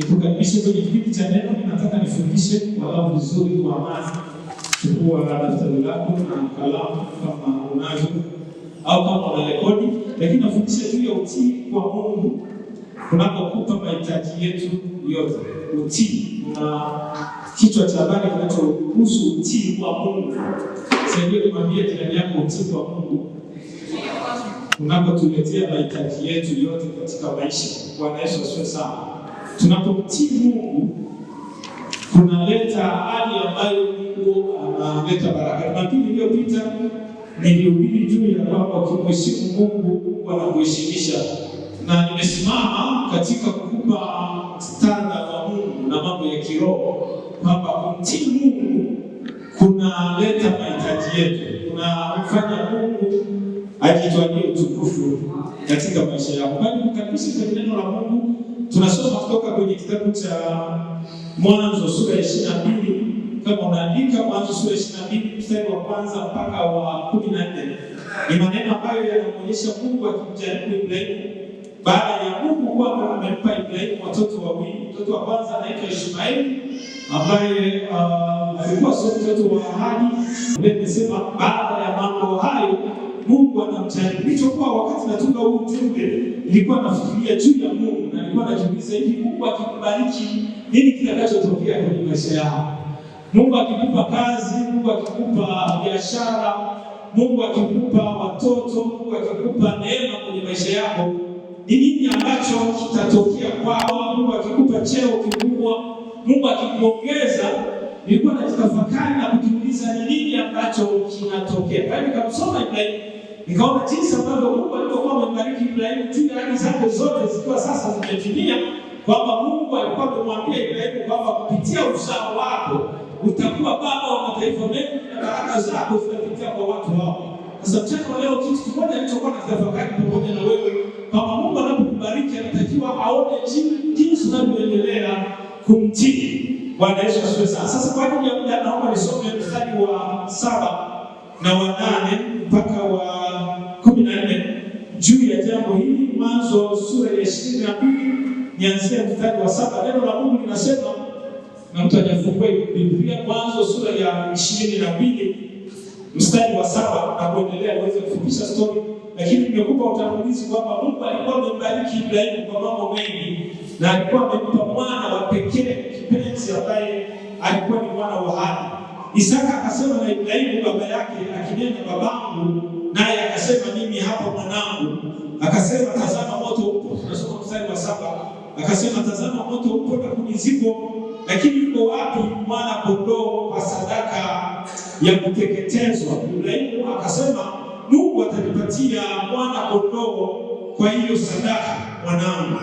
nikukaribishe kwenye kipindi cha neno. Nataka nifundishe walau vizuri kwa amani. Chukua daftari lako na kalamu kama unazo au kama una rekodi, lakini nafundisha juu ya utii kwa Mungu kunapokupa mahitaji yetu yote. Utii na kichwa cha habari kinachohusu utii kwa Mungu. Saidia kumwambia jirani yako utii kwa Mungu unapotuletea mahitaji yetu yote katika maisha. Bwana Yesu asifiwe sana. Tunapomtii Mungu kunaleta hali ambayo Mungu analeta baraka. Jumapili iliyopita nilihubiri juu ya kwamba ukimheshimu Mungu, Mungu anakuheshimisha, na nimesimama katika kukupa standa wa Mungu na mambo ya kiroho kwamba kumtii Mungu kunaleta mahitaji yetu, kunamfanya Mungu ajitwalie utukufu katika maisha yako, bali mkabisi kwenye neno la Mungu tunasoma kutoka kwenye kitabu cha Mwanzo sura ya ishirini na mbili kama unaandika Mwanzo sura ya ishirini na mbili mstari wa kwanza mpaka wa kumi na nne ni maneno ambayo yanamwonyesha Mungu akimjaribu Ibrahimu baada ya Mungu kwamba amempa Ibrahimu watoto wawili. Mtoto wa kwanza anaitwa Ishmaeli ambaye uh, alikuwa sio mtoto wa ahadi. amesema baada ya mambo hayo Mungu anamjaribu. Nilichokuwa wakati natunga huu ujumbe, nilikuwa nafikiria juu ya Mungu na nilikuwa najiuliza hivi, Mungu akikubariki nini kitakachotokea kwenye maisha yao? Mungu akikupa kazi, Mungu akikupa biashara, Mungu akikupa watoto, Mungu akikupa neema kwenye maisha yako, ni nini ambacho kitatokea kwao? Mungu akikupa cheo kikubwa Mungu akikupongeza, nilikuwa najitafakari na kujiuliza ni nini ambacho kinatokea. Kwa hiyo nikamsoma Ibrahimu, nikaona jinsi ambavyo Mungu alivyokuwa amembariki Ibrahimu tu ya zake zote zikiwa sasa zimetimia, kwamba Mungu alikuwa amemwambia Ibrahimu kwamba kupitia uzao wako utakuwa baba wa mataifa mengi na baraka zako zitapitia kwa watu wao. Sasa mchana leo kitu kimoja nilichokuwa nakitafakari pamoja na wewe, kama Mungu anapokubariki anatakiwa aone jinsi unavyoendelea kumtii. Bwana Yesu asifiwe sana. Sasa kwa ajili ya muda, naomba nisome mstari wa saba na wa nane mpaka wa kumi na nne juu ya jambo hili. Mwanzo sura ya ishirini na mbili nianzia mstari wa saba. Neno la Mungu linasema, na mtu ajafungua Biblia, Mwanzo sura ya ishirini na mbili mstari wa saba na kuendelea uweze kufupisha story, lakini nimekupa utangulizi kwamba Mungu alikuwa amembariki Ibrahimu kwa mambo mengi na alikuwa amempa mwana wa pekee kipenzi, ambaye alikuwa ni mwana wa ahadi. Isaka akasema na Ibrahimu baba yake akinena, babangu, naye akasema mimi hapa mwanangu. Akasema tazama moto upo, tunasoma mstari wa saba. Akasema tazama moto upo na kuni zipo, lakini yuko wapi mwana kondoo wa sadaka ya kuteketezwa? Ibrahimu akasema Mungu atanipatia mwana kondoo kwa hiyo sadaka mwanangu.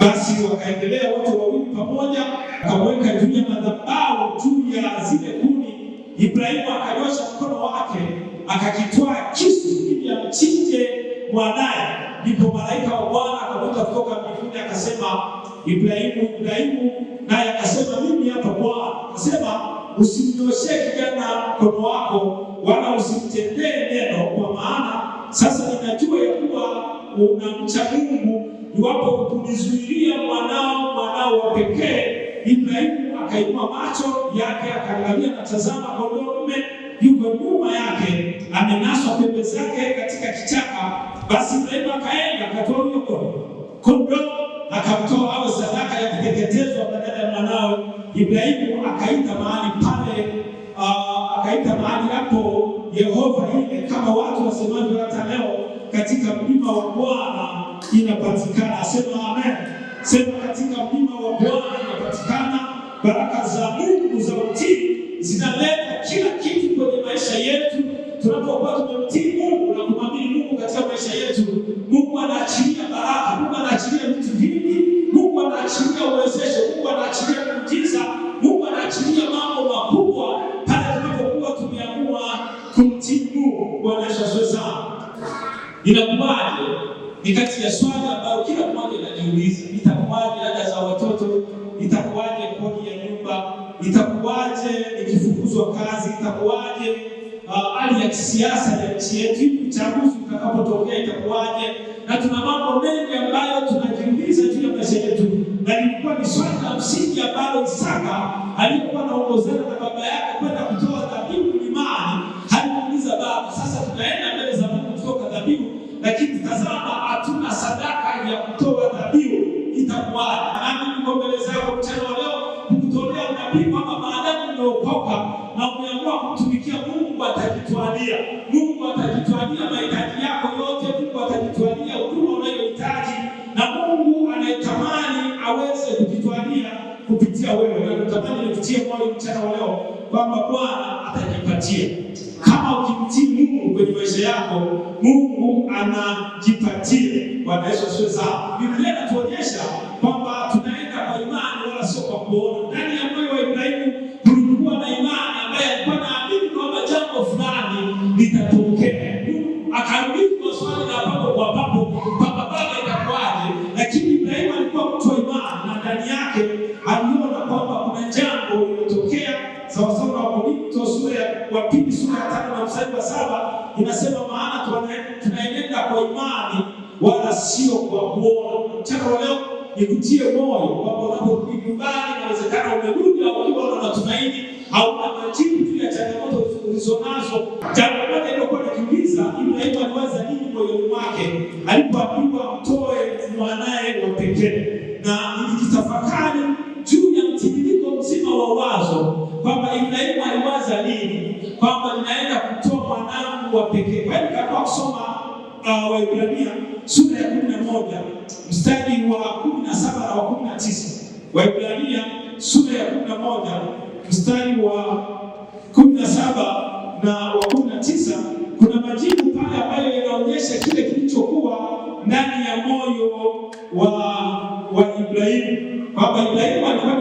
Basi wakaendelea wote wawili pamoja, akaweka juu ya madhabahu juu ya zile kuni. Ibrahimu akanyosha mkono wake akakitwaa kisu ili amchinje mwanaye. Ndipo malaika wa Bwana akakuja kutoka mbinguni akasema, Ibrahimu, Ibrahimu, naye akasema, mimi hapa Bwana. Akasema, usimnyoshee kijana mkono wako, wala usimtendee neno, kwa maana sasa ninajua ya kuwa unamcha Mungu iwapo kunizuilia mwanao, mwanao wa pekee Ibrahimu akainua macho yake akaangalia, na tazama kondoo dume yuko nyuma yake amenaswa pembe zake katika kichaka. Basi Ibrahimu akaenda akatoa huyo kondoo akamtoa awe sadaka ya kuteketezwa badala ya mwanao. Ibrahimu akaita mahali pale uh, akaita mahali hapo Yehova ile, kama watu wasemavyo hata leo katika mlima wa Bwana inapatikana. Sema amen. Sema katika mlima wa Bwana inapatikana baraka za Mungu za utii, zinaleta kila kitu kwenye maisha yetu tunapokuwa tumemtii Mungu na kumwamini Mungu katika maisha yetu. Mungu ana imekuwaje, na tuna mambo mengi ambayo tunajiuliza juu ya maisha yetu, na lilikuwa ni swali la msingi ambalo Isaka alikuwa anaongozana na yako Mungu anajipatia. Bwana Yesu asifiwe sana. Biblia inatuambia nyumbani, inawezekana umerudi au ukiwa na matumaini, hauna majibu juu ya changamoto ulizonazo. Jambo moja iliokuwa nakiuliza Ibrahimu aliwaza nini moyoni mwake alipoambiwa và mình lấy mà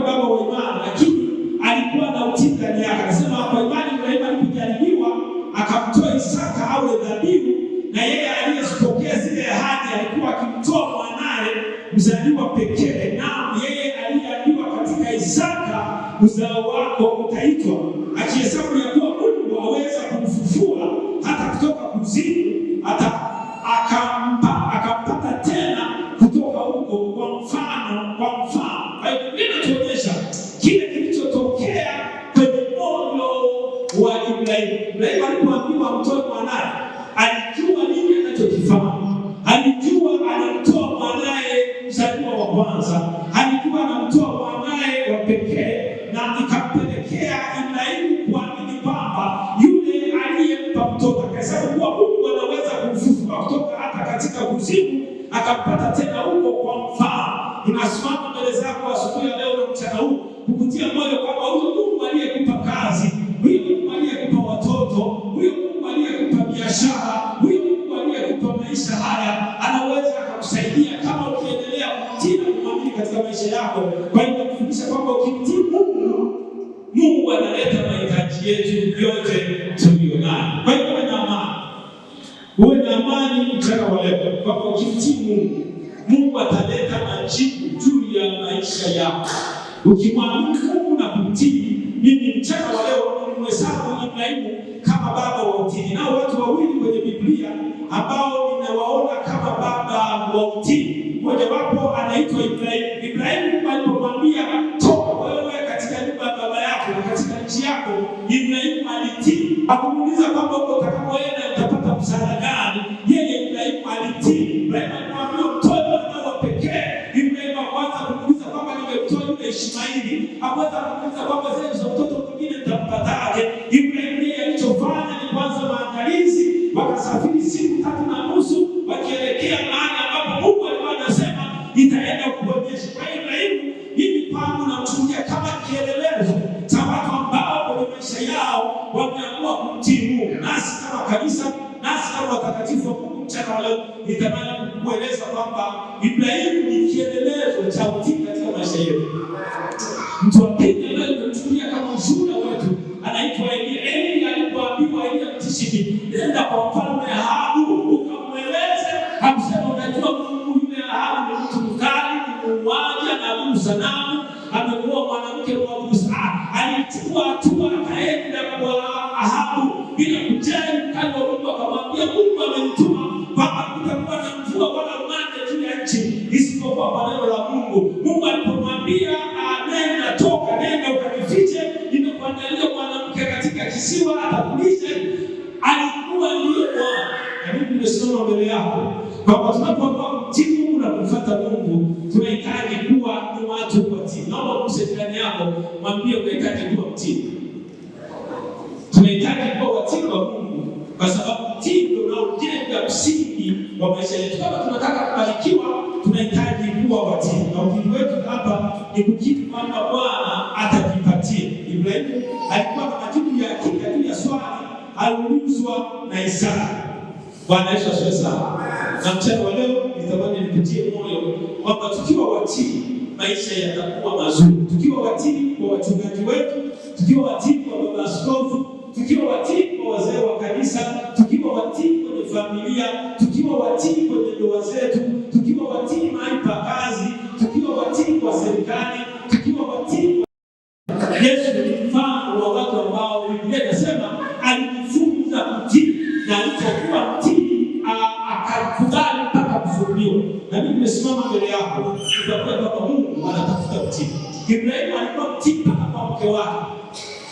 Não é 40 sasa huyu Mungu aliyekupa maisha haya anaweza akakusaidia kama ukiendelea kumtii na kumwamini katika maisha yako. Kwa hiyo nakufundisha kwamba ukimtii Mungu, Mungu analeta mahitaji yetu yote tuliyo nayo. Kwa hiyo uwe na amani, uwe na amani mchana wa leo kwamba ukimtii Mungu, Mungu ataleta majibu juu ya maisha yako. A comunidade está watakatifu wa Mungu mchana wa leo, nitamani kukueleza kwamba Ibrahimu ni kielelezo atatishiwa, atakulisha, alikuwa ndio karibu, nimesimama mbele yako kwamba tunapokuwa Bwana Yesu asifiwe sana. Na mchana wa leo nitamani nipitie moyo kwamba tukiwa watii maisha yatakuwa mazuri, tukiwa watii kwa wachungaji wetu, tukiwa watii kwa baba askofu, tukiwa watii kwa wazee wa kanisa, tukiwa watii kwenye familia, tukiwa watii kwenye ndoa zetu Ibrahimu alikuwa mtii kwa mke wake.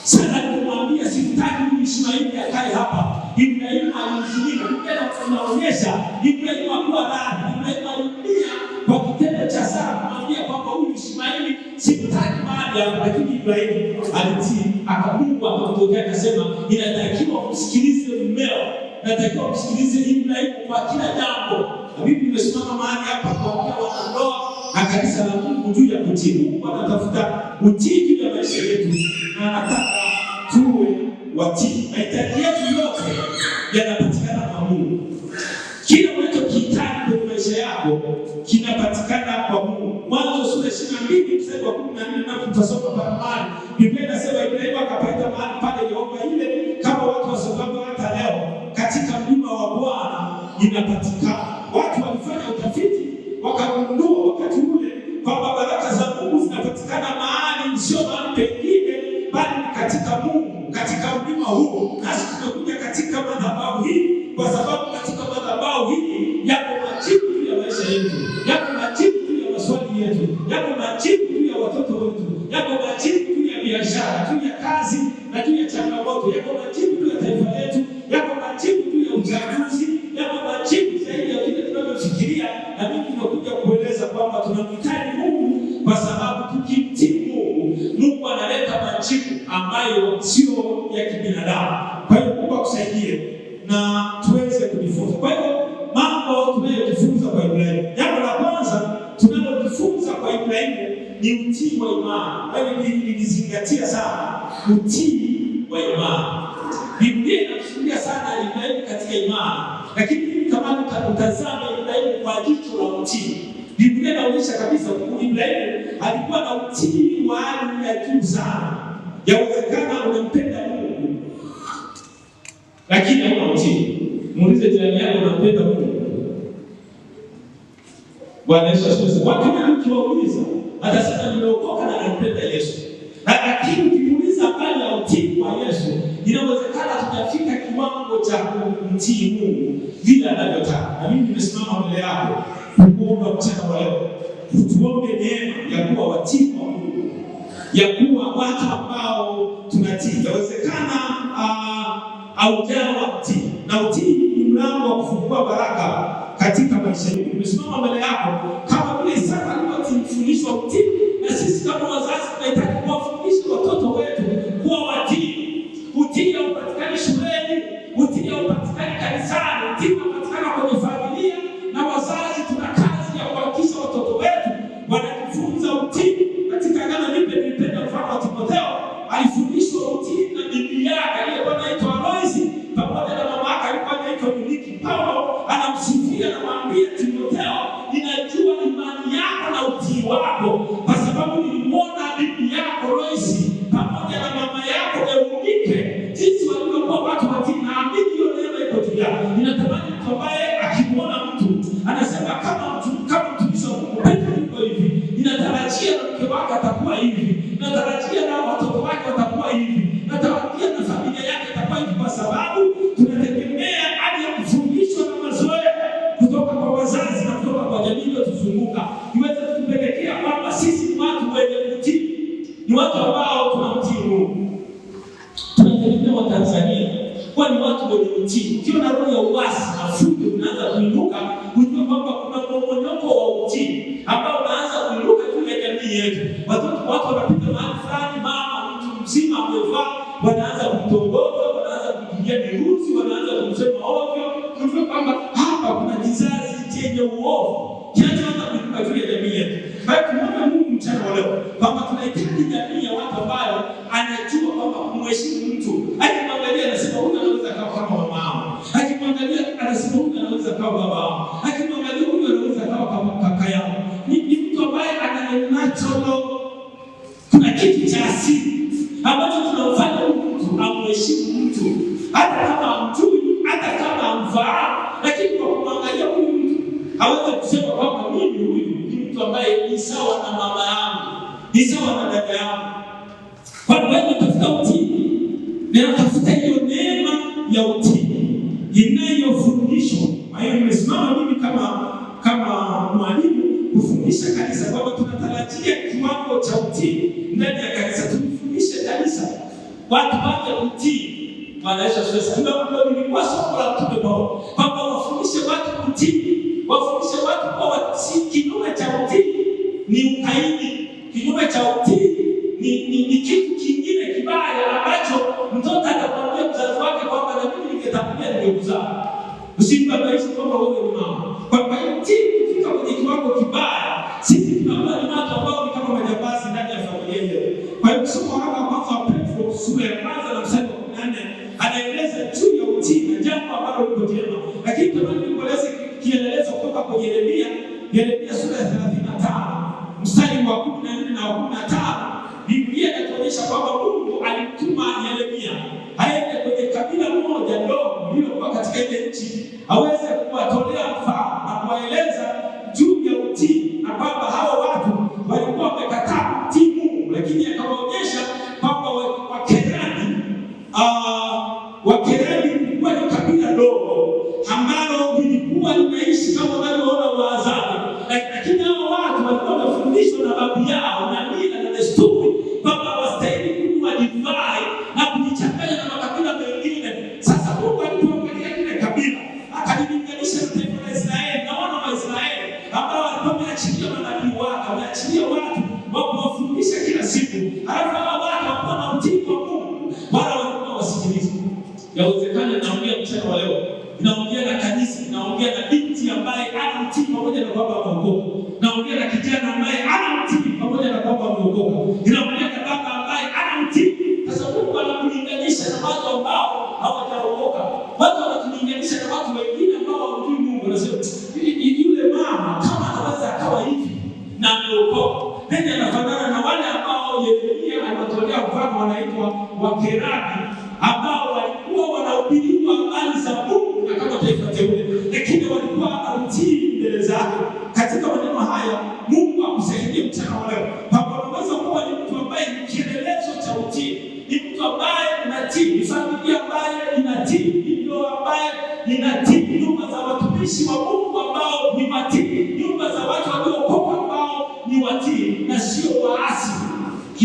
Sara alimwambia sitaki Ishmaeli akae hapa. Ibrahimu alihuzunika. Tena tunaonyesha Ibrahimu alikuwa radhi. Ibrahimu alilia kwa kitendo cha Sara kumwambia kwamba huyu Ishmaeli sitaki mahali hapa, lakini Ibrahimu alitii, akakumbuka akatokea, akasema inatakiwa kusikilize mmeo, natakiwa kusikilize Ibrahimu kwa kila jambo. Na mimi nimesimama mahali hapa kwa mke wa ndoa na kanisa la Mungu juu ya kutii. Mungu anatafuta utii juu ya maisha yetu, na anataka tuwe watii. Mahitaji yetu yote yanapatikana kwa Mungu. Kila unachokihitaji kwenye maisha yako kinapatikana kwa Mungu. Mwanzo sura ishirini na mbili mstari wa kumi na nne na tutasoma pale. Biblia inasema Ibrahimu akapata mahali pale Yehova yako majibu juu ya biashara, juu ya kazi na juu ya changamoto, yako majibu lakini kama utazame Ibrahimu kwa jicho la utii, Biblia inaonyesha kabisa Ibrahimu alikuwa na utii wa hali ya juu sana. Yawezekana unampenda Mungu lakini hauna utii. Muulize jirani yako, unampenda Mungu? Bwana Yesu asifiwe. Watu wengi ukiwauliza, atasema nimeokoka na nampenda Yesu, lakini ukimuuliza habari ya utii wa Yesu inawezekana kiwango cha kumtii Mungu vile anavyotaka. Na mimi nimesimama mbele yako kukuomba mchana wa leo, tuombe neema ya kuwa watii wa Mungu, ya kuwa watu ambao tunatii. Inawezekana aujawa ah, utii, na utii ni mlango wa kufungua baraka katika maisha yetu. Nimesimama mbele yako dinner, ni watu ambao tunamtii Mungu, tunategemea Watanzania kuwa ni watu wenye utii. Ukiwa na roho ya uasi na fujo, unaanza kuinuka, hujua kwamba kuna mmomonyoko wa utii ambao unaanza kuinuka juu ya jamii yetu watoto watu ndani ya kanisa, tulifundishe kanisa watu wake kutii Bwana Yesu asifiwe. Ndio ndio nilikuwa somo la mtume Paulo kwamba wafundishe watu kutii, wafundishe watu kwa kinyume cha utii ni ukaidi, kinyume cha utii kielelezo kutoka kwa Yeremia, Yeremia sura ya 35 mstari wa 14 na 15, Biblia inatuonyesha kwamba virá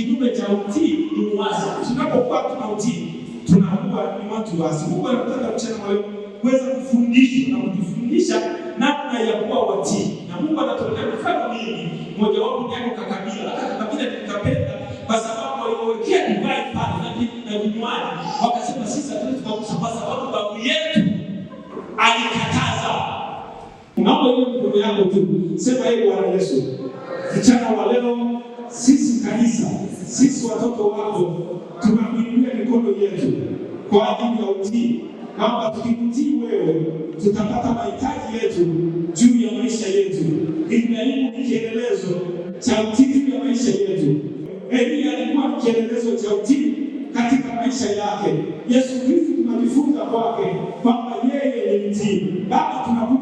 kinyume cha utii ni uasi. Tunapokuwa tuna utii, tunakuwa ni watu wasi. Mungu anataka kuchana moyo kuweza kufundishwa na kujifundisha namna ya kuwa watii, na Mungu anatolea mifano mingi, Mmoja wapo ni yako kakabila. Kakabila nikapenda kwa sababu waliowekea divai pale na na vinywaji, wakasema sisi hatuwezi kugusa kwa sababu babu yetu alikataza. Unapo hiyo mikono yako tu, sema hii ee Bwana Yesu, mchana wa leo sisi kanisa, sisi watoto wako tunakuinulia mikono yetu kwa ajili ya utii, kwamba tukikutii wewe tutapata mahitaji yetu juu ya maisha yetu. Ibrahimu ni kielelezo cha utii juu ya maisha yetu. Eliya alikuwa kielelezo cha utii katika maisha yake. Yesu Kristo tunajifunza kwake kwamba yeye ni mtii. Baba tunakuwa